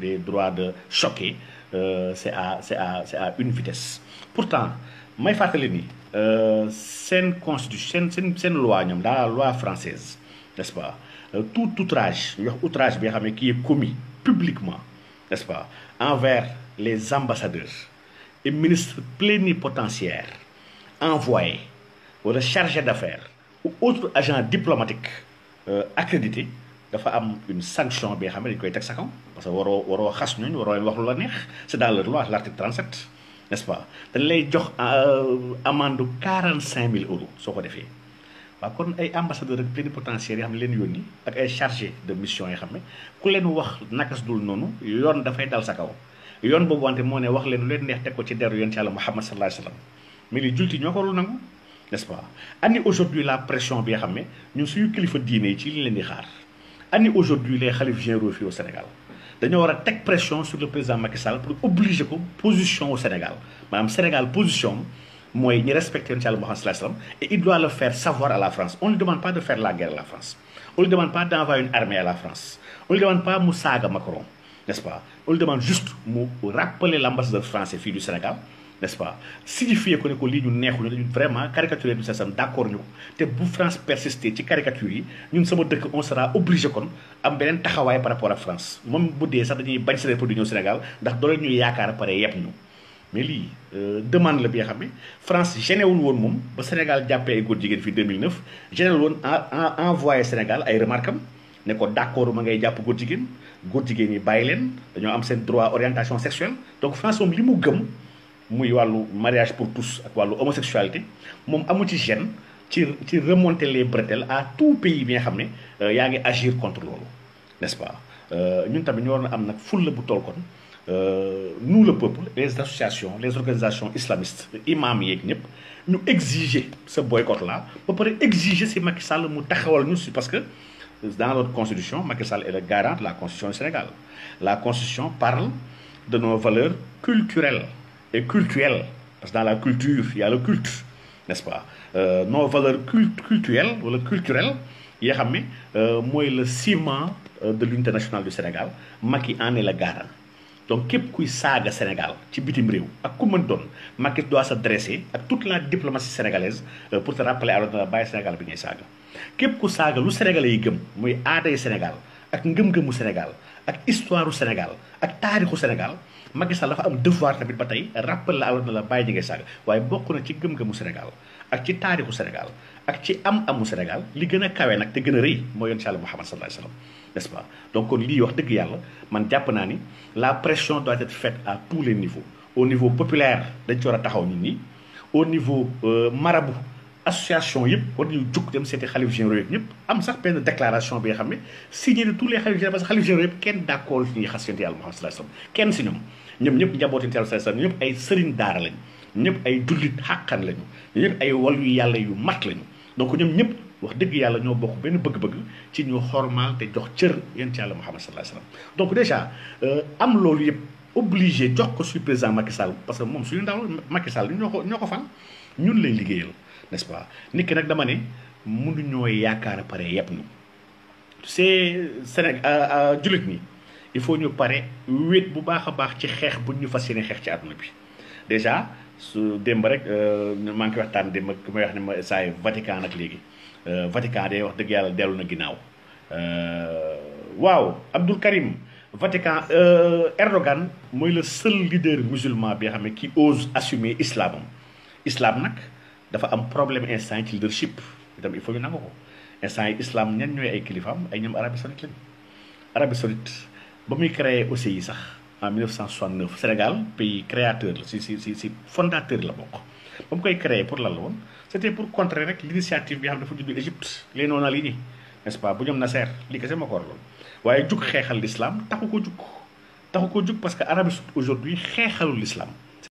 Les droit de choquer, euh, c'est à, à, une vitesse. Pourtant, je fàttali ni euh, constitution loi la loi française n'est-ce pas euh, tout outrage outrage qui est commis publiquement n'est-ce pas envers les ambassadeurs et ministres plénipotentiaires envoyés les chargés d'affaires ou autres agents diplomatiques accrédités dafa am une sanction bi nga xam ne dañ koy teg sa kaw parce que waroo waroo xas ñooñu waroo leen wax lu la neex c'est dans le loi l'article 37 n'est-ce pas lay jox euh, amende 45 000 euros soo ko defee waa kon ay ambassadeurs ak plénipotentiaires yoo xam ne leen yónni ak ay chargés de mission yoo xam ne ku leen wax nakas dul noonu yoon dafay dal sa kaw yoon boobu wante moo ne wax leen lu leen neex teg ko ci deru yoon ci yàlla Muhammad sallallahu alayhi wa sallam mais li julti la pression bi nga xam ne ñun suñu kilifa diine yi ci leen di xaar ani aujourd'hui les xalif généraux au Sénégal Nous war une pression sur le président Macky Sall pour obliger la position au Sénégal Madame Sénégal position moi, il respecter et il doit le faire savoir à la France on ne lui demande pas de faire la guerre à la France on ne lui demande pas d'envoyer une armée à la France on ne lui demande pas de faire Macron n'est-ce pas on lui demande juste de rappeler l'ambassadeur français fille du Sénégal n'est-ce pas signifie que nous ko lii vraiment caricature du sommes d'accord nous. ko te bu France persister ci caricature yi ñun sama dëkk on sera obligé kon am beneen taxawaay par rapport à France moom bu dee sax dañuy bañ seen produit ñëw Sénégal ndax doole ñuy yaakaar pare yëpp ñu mais lii euh, demande le bi nga xam ne France généwul woon moom ba Sénégal jàppee ay góor jigéen fii 2009 généwul woon a envoyé Sénégal ay remarquam ne ko d'accord ma ngay japp góor jigéen góor jigéen ni bàyyi dañu am sen droit orientation sexuelle donc France moom li mu gëm muy walu mariage pour tous ak walu homosexualité mom amu ci gêne ci ci remonter les bretelles à tout pays bi nga xam euh, agir contre lolu n'est-ce pas euh, ñun tamit ñu war na am nak bu euh, nous le peuple les associations les organisations islamistes imam yeeg ñep ñu exiger ce boycott là Nous pare exiger ces Macky Sall mu taxawal ñu parce que dans notre constitution Macky Sall est le garant de la constitution du Sénégal la constitution parle de nos valeurs culturelles et cultuelle. Parce que dans la culture, il y a le culte, n'est-ce pas euh, Nos valeurs cult culturelles, ou le il euh, moi le ciment euh, de l'international nationale du Sénégal, Maki en est la garant. donc qui kuy Saga Sénégal ci bitim réew ak ku mën doon Macky doit s'adresser à toute la diplomatie sénégalaise euh, pour te rappeler alors dana bàyyi Sénégal bi ngay saga képp ku saaga lu sénégalais Sénégal, gëm muy aaday Sénégal ak ngëm du Sénégal ak histoire u Sénégal ak Sénégal Macky Sall dafa am devoir tamit ba tey rappel la awar na la bàyyi ji ngay saaga waaye bokk na ci gëm-gëmu Sénégal ak ci taarixu Sénégal ak ci am-amu Sénégal li gën a kawe nag te gën a rëy mooy yoon si Yàlla Muhammad sallallahu alayhi wa sallam n'est-ce pas donc kon lii wax dëgg yàlla man jàpp naa ni la pression doit être faite à tous les niveaux au niveau populaire dañ ci war a taxaw nit ñi au niveau euh, marabout association yëpp war nañu jug dem seeti xalif généraux yëpp ñëpp am sax benn déclaration bi nga xam ne signé de tous les xalif généraux parce que xalif généraux yëpp kenn d'accord ñuy xas yonent Yàlla Muhammad sallallahu alayhi wa sallam kenn si ñoom ñëpp ñëpp njabooti teel sa sam ñëpp ay sëriñ daara lañu ñëpp ay jullit xàqan lañu ñëpp ay walu yàlla yu mat lañu donc ñoom ñëpp wax dëgg yàlla ñoo bokk benn bëgg-bëgg ci ñu xormaal te jox cër yéen ci yàlla Muhammad sallallahu alayhi wasallam donc déjà euh, am loolu yëpp obligé jox ko suñu président Macky parce que moom suñu ndaw Macky Sall ñoo ko ñoo ko fan ñun lay liggéeyal n'est-ce pas nit ki nag dama ne mënuñoo yaakaar pare yëpp nu c'est Sénégal euh, euh, jullit ñi. il faut ñu pare wéet bu baax a baax ci xeex bu ñu fas yéene xeex ci àdduna bi déjà su démb rek euh, maa ngi koy waxtaan démb ku may wax ne ma saa Vatican nag léegi euh, Vatican day wax dëgg yàlla dellu na ginnaaw euh, waaw Abdul Karim Vatican Erdogan mooy le seul leader musulman bi xam ne qui ose assumer islamam islam nag dafa am problème instant ci leadership itam il faut ñu nangu ko instant yi islam ñan ñooy ay kilifaam ay ñoom Arabie Saoudite lañ Arabie Saoudite ba muy créé yi sax en 1969 Sénégal pays créateur la si si si fondateur la bokk ba mu koy créé pour lan la woon c' pour contrer rek l' bi nga xam dafa juddu Égypte les noonal yi nii n' ce pas bu ñoom Nasser lii kese ma ko waraloon waaye jug xeexal lislaam taxu ko jug taxu ko jug parce que Arabie Saoudite aujourd'hui xeexalul l'islam